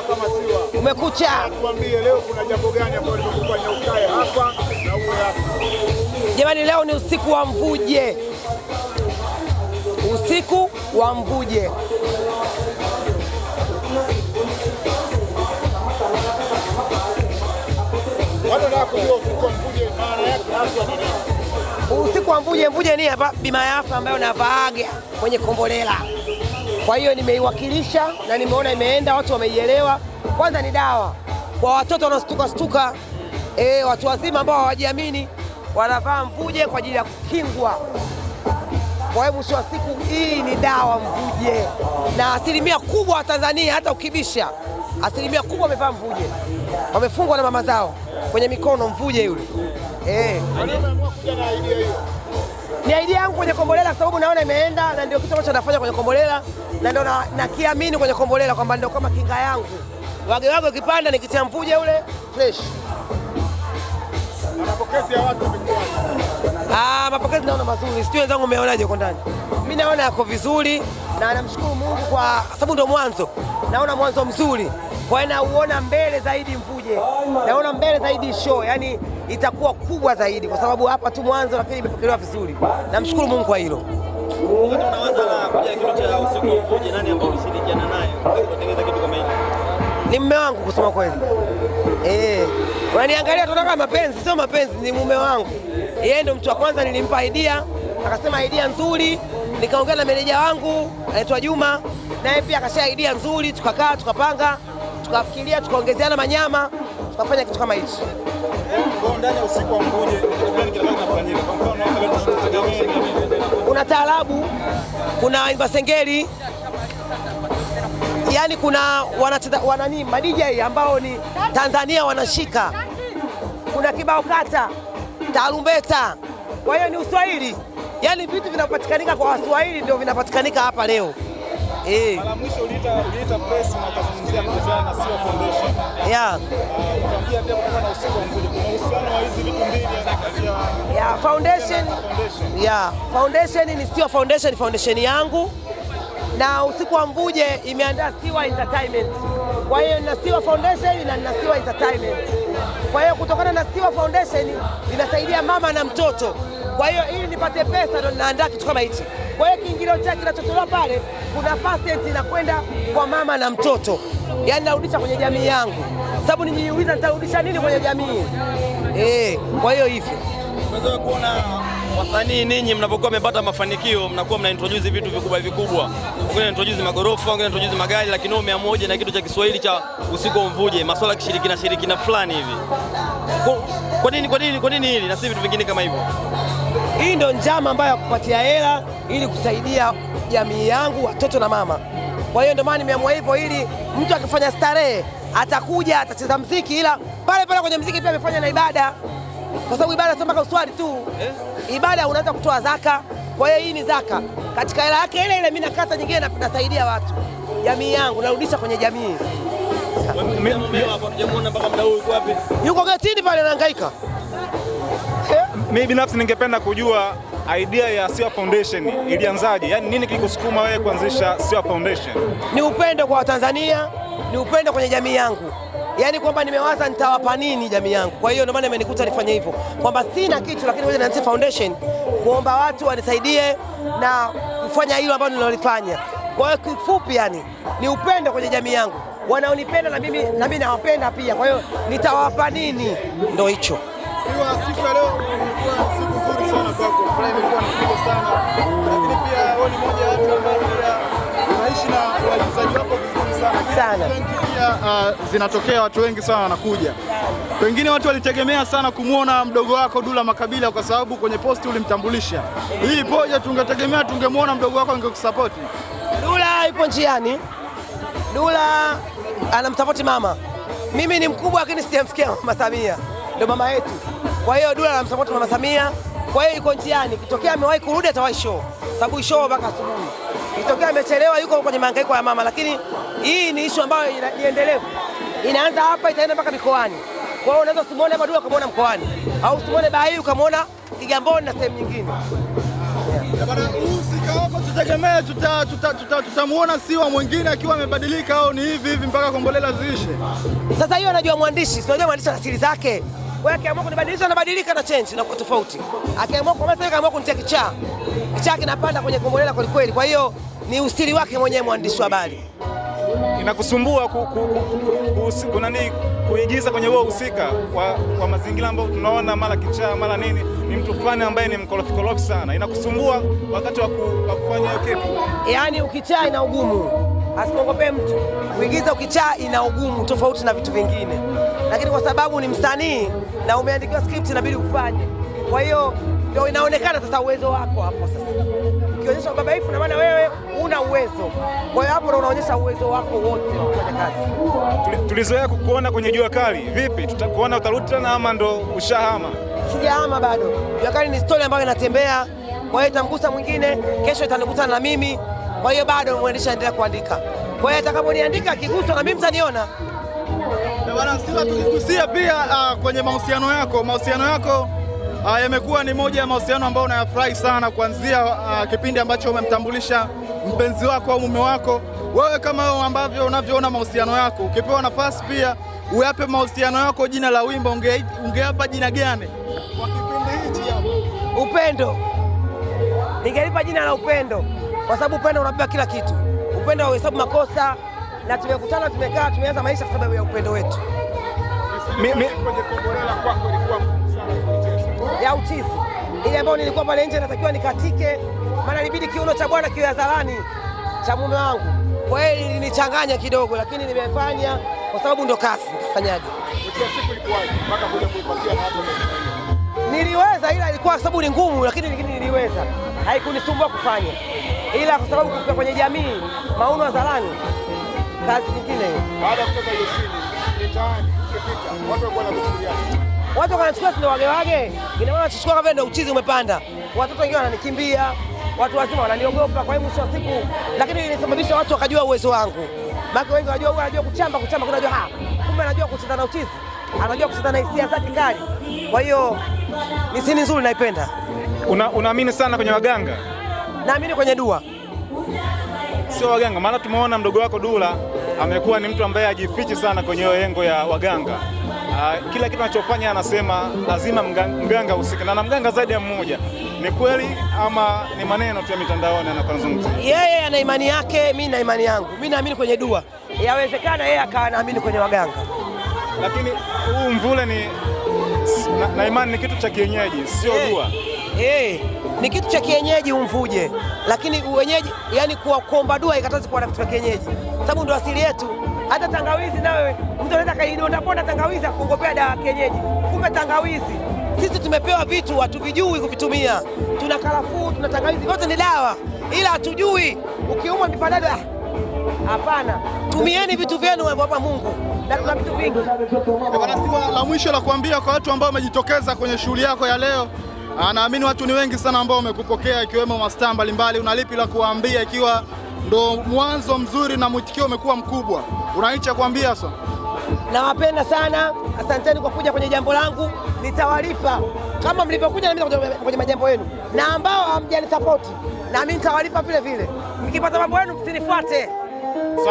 kama siwa. Umekucha. Nikwambie leo kuna jambo gani ambalo limekufanya ukae hapa na uwe hapa? Jamani, leo ni usiku wa mvuje, usiku wa mvuje. Usiku wa mvuje, mvuje ni hapa bima yafa ambayo navaaga kwenye kombolela kwa hiyo nimeiwakilisha na nimeona imeenda, watu wameielewa. Kwanza ni dawa kwa watoto wanastuka stuka, e, watu wazima ambao hawajiamini wanavaa mvuje kwa ajili ya kukingwa. Kwa hiyo mwisho wa siku hii ni dawa mvuje, na asilimia kubwa wa Tanzania hata ukibisha, asilimia kubwa wamevaa mvuje, wamefungwa na mama zao kwenye mikono mvuje yule e. Ni idea yangu kwenye Kombolela sababu naona imeenda na ndio kitu ambacho nafanya kwenye Kombolela na ndio nakiamini na kwenye Kombolela kwamba ndio kama kinga yangu. Wage wage ukipanda nikitia mvuje ule fresh. Mapokezi ya watu Ah, mapokezi naona mazuri. Sijui wenzangu umeonaje huko ndani. Mimi naona yako vizuri na namshukuru Mungu kwa sababu ndio mwanzo. Naona mwanzo mzuri. Kwa hiyo nauona mbele zaidi mvuje yake, naona mbele zaidi show yani itakuwa kubwa zaidi, kwa sababu hapa tu mwanzo, lakini imepokelewa vizuri. Namshukuru Mungu kwa hilo. Ni mume wangu kusema kweli eh, unaniangalia tunataka mapenzi, sio mapenzi, ni mume wangu. Yeye ndo mtu wa kwanza nilimpa idea, akasema idea nzuri nikaongea na meneja wangu anaitwa Juma, naye pia akashia idea nzuri, tukakaa tukapanga tukafikiria tukaongezeana manyama tukafanya kitu kama hichi. Kuna taarabu, kuna invasengeli, yani kuna wanani madijai ambao ni Tanzania wanashika, kuna kibao kata, tarumbeta, kwa hiyo ni uswahili, yani vitu vinapatikanika kwa waswahili ndio vinapatikanika hapa leo eh. Mara mwisho uliita uliita press na kuzungumzia sio Yeah. Ah, usiku Kuna uhusiano wa hizi vitu mbili ya foundation. Yeah, foundation ni sio foundation, foundation yangu na usiku wa Mvuje imeandaa Siwa Entertainment. Kwa hiyo na Siwa Foundation na na Siwa Entertainment. Kwa hiyo kutokana na Siwa Foundation inasaidia mama na mtoto. Kwa hiyo ili nipate pesa ndo ninaandaa kitu kama hichi. Kwa hiyo kiingilio chake kinachotolewa pale, kuna pasenti inakwenda kwa mama na mtoto, yaani narudisha kwenye jamii yangu, sababu nijiuliza nitarudisha nini kwenye jamii eh. Kwa hiyo hivyo unaweza kuona wasanii ninyi mnapokuwa mmepata mafanikio mnakuwa introduce vitu vikubwa vikubwa, wengine introduce magorofa, wengine introduce magari, lakini wewe umeamua na kitu cha Kiswahili cha usiku mvuje, masuala ya kishirikina shirikina fulani hivi. Kwa nini, kwa nini, kwa nini hili na si vitu vingine kama hivyo? Hii ndio njama ambayo ya kupatia hela ili kusaidia jamii yangu, watoto na mama. Kwa hiyo ndio maana nimeamua hivyo, ili mtu akifanya starehe atakuja atacheza mziki, ila pale pale kwenye mziki pia amefanya na ibada, kwa sababu ibada sio mpaka uswali tu. Eh? Ibada unaweza kutoa zaka, kwa hiyo hii ni zaka katika hela yake ile ile. Mimi nakata nyingine nasaidia watu, jamii yangu narudisha kwenye jamii. Yuko getini pale anahangaika. Mimi binafsi ningependa kujua idea ya Siwa Foundation ilianzaje? Yaani nini kilikusukuma wewe kuanzisha Siwa Foundation? Ni upendo kwa Watanzania, ni upendo kwenye jamii yangu yaani kwamba nimewaza nitawapa nini jamii yangu. Kwa hiyo ndio maana imenikuta nifanye hivyo, kwamba sina kitu, lakini ngoja nianze foundation kuomba watu wanisaidie na kufanya hilo ambalo nilolifanya. Kwa hiyo kifupi, yani ni upendo kwenye jamii yangu, wanaonipenda na mimi na mimi nawapenda pia. Kwa hiyo nitawapa nini, ndio hicho. Siwa siku leo kwako, furaha imekuwa ni kubwa sana, lakini pia wewe ni moja ya watu ambao pia unaishi na wachezaji wako vizuri sana sana. uh, zinatokea watu wengi sana wanakuja, pengine watu walitegemea sana kumwona mdogo wako Dula Makabila kwa sababu kwenye posti ulimtambulisha. Hii poja tungetegemea tungemwona mdogo wako angekusapoti. Dula ipo njiani, Dula anamsapoti mama. Mimi ni mkubwa lakini sijamfikia mama Samia, ndio mama yetu. Kwa hiyo Dula anamsapoti mama Samia. Kwa hiyo yuko njiani, kitokea amewahi kurudi atawahi show, sababu show mpaka asubuhi. Kitokea amechelewa, yuko kwenye mahangaiko ya mama, lakini hii ni ishu ambayo inaendelevu, inaanza hapa, itaenda mpaka mikoani. Kwa hiyo unaweza usimwone Badulla ukamwona mkoani, au usimuone Bahii ukamwona Kigamboni na sehemu nyingine. Tutegemee tutamuona Siwa mwingine akiwa amebadilika au ni hivi hivi mpaka Kombolela ziishe? Sasa hiyo anajua mwandishi, unajua mwandishi ana siri zake. Wewe akiamua kunibadilisha nabadilika na change na kwa tofauti. Akiamua kwa mfano akaamua kunitia kichaa. Kichaa kinapanda kwenye kombolela kwa kweli. Kwa hiyo ni ustili wake mwenyewe mwandishi wa habari. Inakusumbua ku, ku, ku, ku, ku, kuigiza kwenye huo husika kwa, kwa mazingira ambayo tunaona mara kichaa mara nini, ni mtu fulani ambaye ni mkorofi korofi sana. Inakusumbua wakati wa kufanya hiyo kitu. Yaani ukichaa ina ugumu asikogope mtu. Kuigiza ukichaa ina ugumu tofauti na vitu vingine, lakini kwa sababu ni msanii na umeandikiwa script inabidi ufanye. Kwa hiyo ndio inaonekana sasa uwezo wako hapo sasa, ukionyesha ubabaifu na maana wewe una uwezo. Kwa hiyo hapo ndio unaonyesha uwezo wako wote kwenye kazi. Tulizoea kukuona kwenye jua kali, vipi tutakuona utarudi tena ama ndo ushahama? Sijahama bado. Jua kali ni story ambayo inatembea, kwa hiyo itamgusa mwingine, kesho itanikuta na mimi. Kwa hiyo bado mwandishi anaendelea kuandika. Kwa hiyo atakaponiandika kiguso na mimi mtaniona. Bwana Simba, tukigusia pia uh, kwenye mahusiano yako, mahusiano yako uh, yamekuwa ni moja ya mahusiano ambayo unayafurahi sana kuanzia uh, kipindi ambacho umemtambulisha mpenzi wako au mume wako. Wewe kama wewe ambavyo unavyoona mahusiano yako, ukipewa nafasi pia uyape mahusiano yako jina la wimbo, ungeapa jina gani kwa kipindi hichi Upendo, ningelipa jina la upendo kwa sababu upendo unabeba kila kitu. Upendo hauhesabu makosa, na tumekutana, tumekaa, tumeanza maisha kwa sababu ya upendo wetu. ya uchizi ile ambayo nilikuwa pale nje natakiwa nikatike, maana ilibidi kiuno cha bwana kiwe hadharani cha mume wangu. Kwa hiyo ilinichanganya kidogo, lakini nimefanya kwa sababu ndo kazi, nitafanyaje? Niliweza, ila ilikuwa sababu ni ngumu, lakini niliweza, haikunisumbua kufanya ila kwa sababu kufika kwenye jamii Maono Wazalani kazi nyingine. Baada ya kutoka hiyo simu mitaani, ukipita watu walikuwa wanakuchukulia, watu wanachukulia sio wage wage, ina maana chukua kama ndio uchizi umepanda. Watoto wengine wananikimbia, watu wazima wananiogopa. Kwa hiyo mwisho wa siku, lakini ilisababisha watu wakajua uwezo wangu, maana wengi wanajua wanajua kuchamba kuchamba, kuna jua ha, kumbe anajua kucheza na uchizi, anajua kucheza na hisia zake kali. Kwa hiyo ni sini nzuri, naipenda. Unaamini una sana kwenye waganga? naamini kwenye dua, sio waganga. Maana tumeona mdogo wako Dula amekuwa ni mtu ambaye hajifichi sana kwenye engo ya waganga. Uh, kila kitu anachofanya anasema lazima mganga husika na na mganga zaidi ya mmoja. Ni kweli ama ni maneno tu ya mitandaoni anazungumza? Yeye ana imani yake, mimi na imani yangu. Mimi naamini kwenye dua, yawezekana yeye akawa naamini kwenye waganga, lakini huu mvule ni na, na imani ni kitu cha kienyeji, sio eh. dua eh, ni kitu cha kienyeji umvuje, lakini wenyeji, yani kuwa kuomba dua ikatazi kuwa na vitu vya kienyeji, sababu ndo asili yetu. Hata tangawizi nawe mtu anaweza kainondaponda tangawizi akuongopea dawa kienyeji, kumbe tangawizi. Sisi tumepewa vitu hatuvijui kuvitumia. Tuna karafuu, tuna tangawizi, vyote ni dawa, ila hatujui. Ukiumwa ah, hapana. Tumieni vitu vyenu hapa Mungu na vitu vingi. Bwana, si la mwisho la kuambia kwa watu ambao wamejitokeza kwenye shughuli yako ya leo Ah, naamini watu ni wengi sana ambao wamekupokea ikiwemo mastaa mbalimbali. Una lipi la kuwaambia, ikiwa ndo mwanzo mzuri na mwitikio umekuwa mkubwa, unaicha kuambia sasa? Nawapenda sana, asanteni kwa kuja kwenye jambo langu. Nitawalipa kama mlivyokuja nami kwenye majambo yenu, na ambao hamjanisapoti na mimi nitawalipa vile vile. Mkipata mambo yenu msinifuate.